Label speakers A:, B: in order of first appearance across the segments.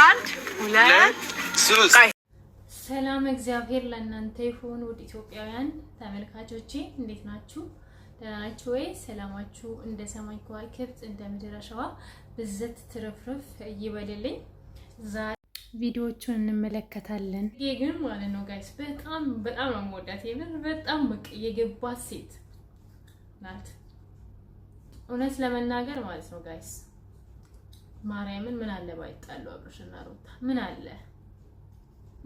A: አንድ ሁለት ሰላም እግዚአብሔር ለእናንተ ይሁን። ውድ ኢትዮጵያውያን ተመልካቾቼ እንዴት ናችሁ? ደህና ናችሁ ወይ? ሰላማችሁ እንደ ሰማይ ከዋክብት እንደ ምድር አሸዋ ብዘት ትርፍርፍ ይበልልኝ። ዛሬ ቪዲዮዎቹን እንመለከታለን። ይሄ ግን ማለት ነው ጋይስ፣ በጣም በጣም ነው የምወዳት የምር በጣም በቃ የገባት ሴት ናት እውነት ለመናገር ማለት ነው ጋይስ ማርያምን ምን አለ ባይጣሉ አብርሽና ሩታ ምን አለ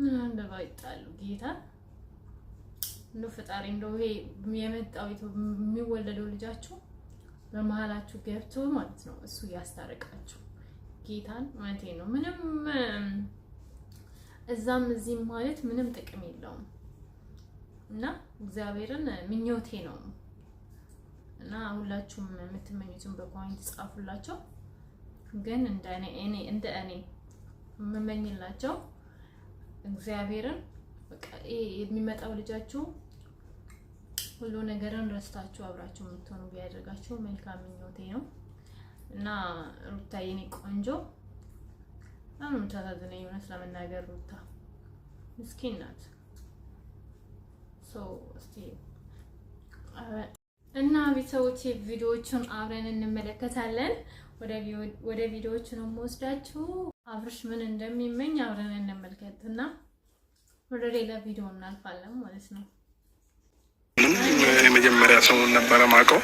A: ምን አለ ባይጣሉ ጌታ እንደው ፈጣሪ እንደው ይሄ የመጣው የሚወለደው ልጃችሁ በመሀላችሁ ገብቶ ማለት ነው እሱ ያስታርቃችሁ ጌታን ማለት ነው። ምንም እዛም እዚህም ማለት ምንም ጥቅም የለውም እና እግዚአብሔርን ምኞቴ ነው እና ሁላችሁም የምትመኙትን በኮሜንት ጻፉላቸው። ግን እንደ እኔ እንደ እኔ የምመኝላቸው እግዚአብሔርን የሚመጣው ልጃችሁ ሁሉ ነገርን ረስታችሁ አብራችሁ የምትሆኑ ቢያደርጋችሁ መልካም ምኞቴ ነው እና ሩታ የኔ ቆንጆ አሁን የምታሳዝነኝ እውነት ለመናገር ሩታ ምስኪን ናት። እና ቤተሰቦቼ ቪዲዮዎቹን አብረን እንመለከታለን። ወደ ቪዲዮዎቹ ነው የምወስዳችሁ። አብርሽ ምን እንደሚመኝ አብረን እንመልከት እና ወደ ሌላ ቪዲዮ እናልፋለን ማለት ነው። የመጀመሪያ ሰው ነበረ ማቀው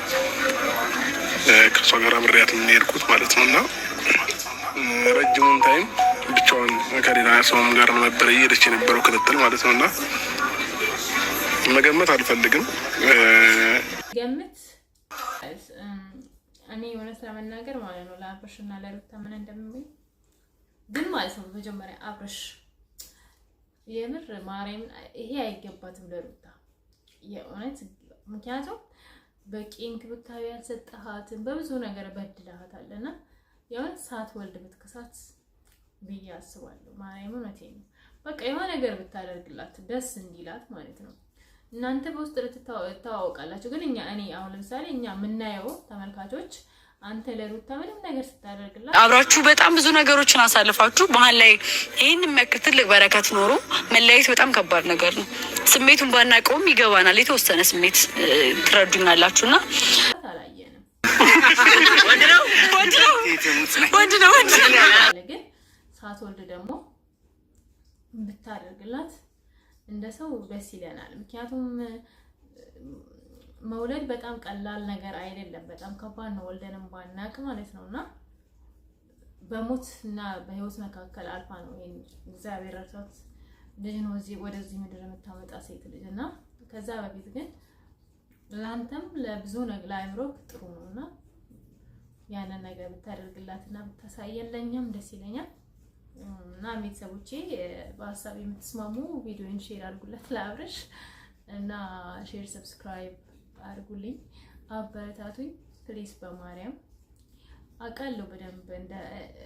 A: ከእሷ ጋር አብሬያት የሚሄድኩት ማለት ነው እና ረጅሙን ታይም ብቻውን ከሌላ ሰውም ጋር ነበረ እየሄደች የነበረው ክትትል ማለት ነው እና መገመት አልፈልግም ገምት እኔ እውነት ለመናገር ማለት ነው ለአብርሽ እና ለሩታ ምን እንደምል ግን ማለት ነው መጀመሪያ አብርሽ የምር ማርያምን ይሄ አይገባትም ለሩታ የእውነት ምክንያቱም በቂ እንክብካቤ ያልሰጠሃትን በብዙ ነገር በድላሃታል እና የእውነት ሳትወልድ ብትከሳት ብዬ አስባለሁ። ማርያም እውነቴን ነው። በቃ የሆነ ነገር ብታደርግላት ደስ እንዲላት ማለት ነው እናንተ በውስጥ ትተዋወቃላችሁ። ግን እኛ እኔ አሁን ለምሳሌ እኛ የምናየው ተመልካቾች አንተ ለሩታ ምንም ነገር ስታደርግላት አብራችሁ በጣም ብዙ ነገሮችን አሳልፋችሁ መሀል ላይ ይህን የሚያክል ትልቅ በረከት ኖሮ መለያየት በጣም ከባድ ነገር ነው። ስሜቱን ባናቀውም ይገባናል። የተወሰነ ስሜት ትረዱናላችሁ። ና ግን ሳትወልድ ደግሞ ብታደርግላት እንደ ሰው ደስ ይለናል። ምክንያቱም መውለድ በጣም ቀላል ነገር አይደለም። በጣም ከባድ ነው። ወልደንም ባናቅ ማለት ነው እና በሞት እና በህይወት መካከል አልፋ ነው ይሄን እግዚአብሔር ረድቷት ልጅ ነው እዚህ ወደዚህ ምድር የምታመጣ ሴት ልጅ እና ከዛ በፊት ግን ለአንተም ለብዙ ነገር ለአእምሮ ጥሩ ነው እና ያንን ነገር ብታደርግላት እና ብታሳየለኝም ደስ ይለኛል። እና ቤተሰቦቼ በሀሳብ የምትስማሙ ቪዲዮን ሼር አድርጉለት ለአብረሽ እና ሼር ሰብስክራይብ አድርጉልኝ፣ አበረታቱኝ ፕሊስ። በማርያም አውቃለሁ በደንብ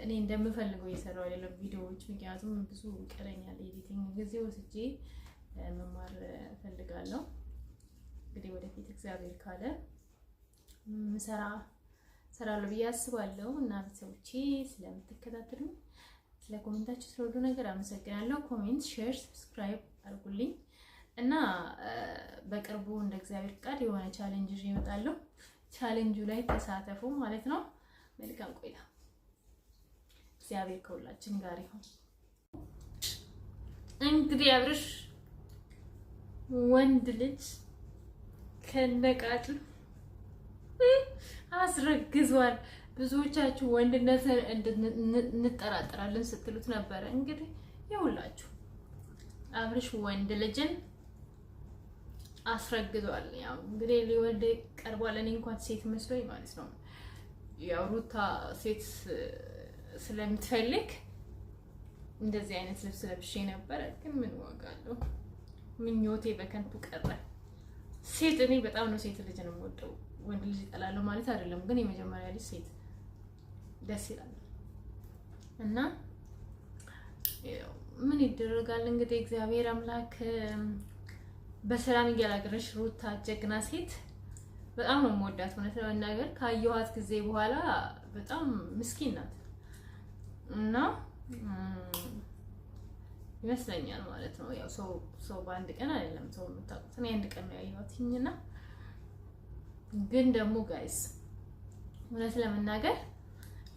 A: እኔ እንደምፈልገው እየሰራው አይደለም ቪዲዮዎች። ምክንያቱም ብዙ ይቀረኛል፣ ኤዲቲንግ ጊዜ ወስጄ መማር እፈልጋለሁ። እንግዲህ ወደፊት እግዚአብሔር ካለ ሰራ ሰራለሁ ብዬ አስባለሁ እና ቤተሰቦቼ ስለምትከታተሉኝ ለኮሜንታችሁ ስለሁሉ ነገር አመሰግናለሁ። ኮሜንት፣ ሼር፣ ሰብስክራይብ አድርጉልኝ እና በቅርቡ እንደ እግዚአብሔር ፍቃድ የሆነ ቻሌንጅ ይዤ እመጣለሁ። ቻሌንጁ ላይ ተሳተፉ ማለት ነው። መልካም ቆይታ። እግዚአብሔር ከሁላችን ጋር ይሁን። እንግዲህ አብርሽ ወንድ ልጅ ከነቃቱ አስረግዟል። ብዙዎቻችሁ ወንድነትን እንጠራጠራለን ስትሉት ነበረ። እንግዲህ ይኸውላችሁ አብርሽ ወንድ ልጅን አስረግዟል። ያው እንግዲህ ሊወልድ ቀርቧል። እኔ እንኳን ሴት መስሎኝ ማለት ነው። ያው ሩታ ሴት ስለምትፈልግ እንደዚህ አይነት ልብስ ለብሼ ነበረ። ግን ምን ዋጋ አለው? ምኞቴ በከንቱ ቀረ። ሴት እኔ በጣም ነው ሴት ልጅ ነው የምወደው። ወንድ ልጅ እጠላለሁ ማለት አይደለም፣ ግን የመጀመሪያ ልጅ ሴት ደስ ይላል እና ምን ይደረጋል እንግዲህ እግዚአብሔር አምላክ በሰላም እያላገረሽ ሩታ ጀግና ሴት በጣም ነው የምወዳት። እውነት ለመናገር ካየኋት ጊዜ በኋላ በጣም ምስኪን ናት እና ይመስለኛል ማለት ነው ያው ሰው ሰው በአንድ ቀን አይደለም ሰው የምታውቁት። እኔ አንድ ቀን ነው ያየኋትኝና ግን ደግሞ ጋይስ እውነት ለመናገር